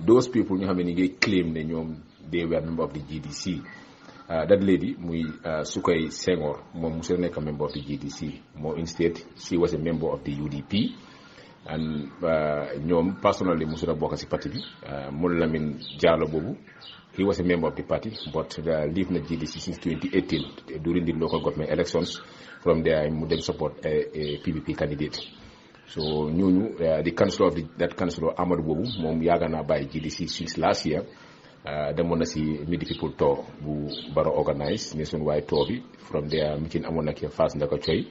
those people ñu xam ne ñu ngi claim ne ñoom they were member of the GDC uh, that lady muy uh, Sukay Senghor moom musul nekk member of the GDC moo instead she was a member of the UDP and ñoom uh, personally musul a bokk si parti bi Mawla Lamine Diallo Bobu, he was a member of the party but leave the GDC since 2018 during the local government elections from there mu dem support a PPP candidate. so ñooñu uh, eh, the councillor of the, that councillor Amadou boobu moom yaaga naa bàyyi GDC since last year uh, demoon na si Midi People tour bu Barrow organise waaye tour bi from there meeting amoon na kii Fass Ndaka Coy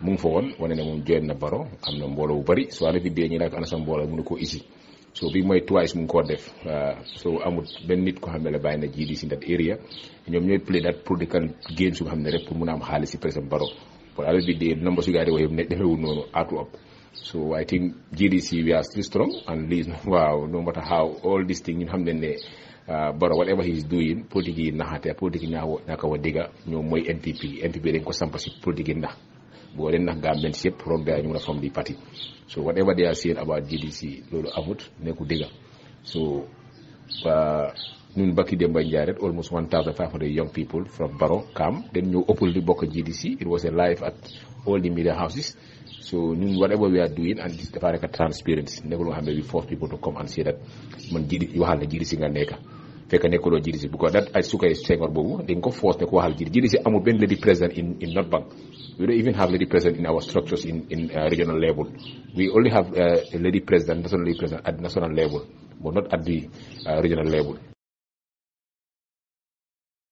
mu ngi woon wane ne moom join na Barrow am na mboolo bu bari soo ana vidéo ñu nag ana sa mbooloo mu ko isi so bi mooy twice mu ngi koo def eh, so amul benn nit ko xam ne la bàyyi na GDC that area ñoom ñooy play that political game su nga xam ne rek pour mun a am xaalis si par exemple Barrow pour ana vidéo number su So I think GDC, we are still strong, and least, wow, no matter how all these things, you uh, but whatever he's doing, politiki nahate, politiki nakawadiga, you know, NPP, NPP then ko sampa si politiki nah. Bo then nah government shape from there, you know, from the party. So whatever they are saying about GDC, lolo amut, neku diga. So, uh, Noon back in Demba almost 1,500 young people from Baro come. Then you open the Boka GDC. It was a live at all the media houses. So whatever we are doing, and this is the transparency. Never know how we force people to come and say that man you have a GDC nga neka. fekk nekkuloo GDC because that ay sukkay Senghor boobu dañ ko force ne waxal GDC GDC amul benn lady president in in North Bank we don't even have lady president in our structures in in uh, regional level we only have uh, lady president national lady president at national level but not at the uh, regional level